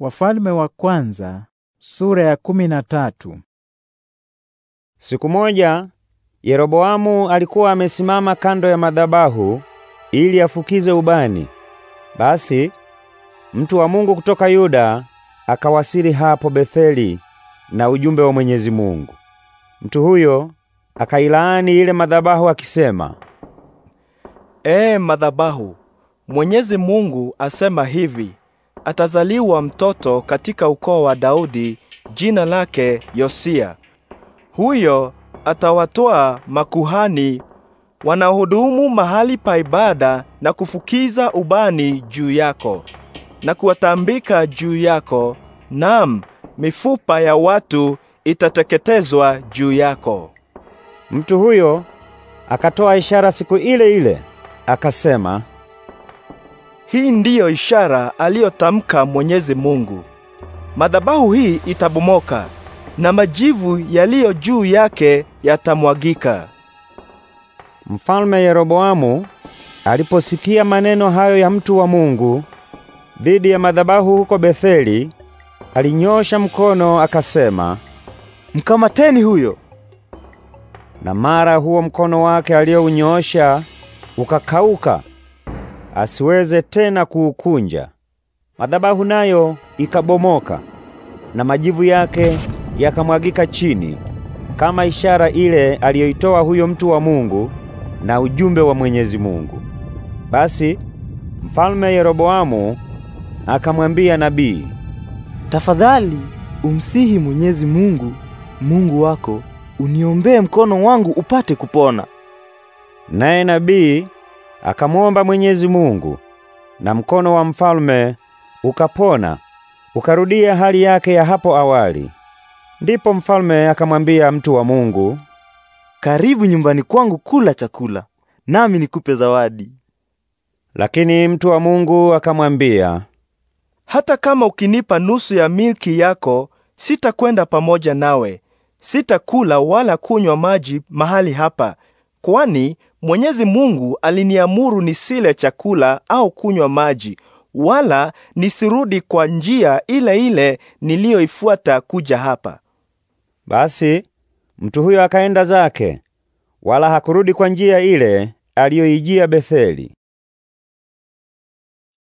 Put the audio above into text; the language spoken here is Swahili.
Wafalme wa kwanza, sura ya kumi na tatu. Siku moja Yeroboamu alikuwa amesimama kando ya madhabahu ili afukize ubani. Basi mtu wa Mungu kutoka Yuda akawasili hapo Betheli na ujumbe wa Mwenyezi Mungu. Mtu huyo akailaani ile madhabahu akisema, Ee madhabahu, Mwenyezi Mungu asema hivi: atazaliwa mtoto katika ukoo wa Daudi, jina lake Yosia. Huyo atawatoa makuhani wanaohudumu mahali pa ibada na kufukiza ubani juu yako na kuwatambika juu yako, nam mifupa ya watu itateketezwa juu yako. Mtu huyo akatoa ishara siku ile ile akasema, hii ndiyo ishara aliyotamka Mwenyezi Mungu. Madhabahu hii itabomoka na majivu yaliyo juu yake yatamwagika. Mfalme Yeroboamu aliposikia maneno hayo ya mtu wa Mungu dhidi ya madhabahu huko Betheli, alinyosha mkono akasema, mkamateni huyo. Na mara huo mkono wake aliyounyosha ukakauka asiweze tena kuukunja. Madhabahu nayo ikabomoka na majivu yake yakamwagika chini kama ishara ile aliyoitoa huyo mtu wa Mungu na ujumbe wa Mwenyezi Mungu. Basi Mfalme Yeroboamu akamwambia nabii, tafadhali umsihi Mwenyezi Mungu Mungu wako uniombee mkono wangu upate kupona. Naye nabii akamwomba Mwenyezi Mungu, na mkono wa mfalme ukapona ukarudia hali yake ya hapo awali. Ndipo mfalme akamwambia mtu wa Mungu, karibu nyumbani kwangu kula chakula, nami nikupe zawadi. Lakini mtu wa Mungu akamwambia, hata kama ukinipa nusu ya milki yako, sitakwenda pamoja nawe, sitakula wala kunywa maji mahali hapa kwani Mwenyezi Mungu aliniamuru nisile chakula au kunywa maji, wala nisirudi kwa njia ile ile niliyoifuata kuja hapa. Basi mtu huyo akaenda zake, wala hakurudi kwa njia ile aliyoijia Betheli.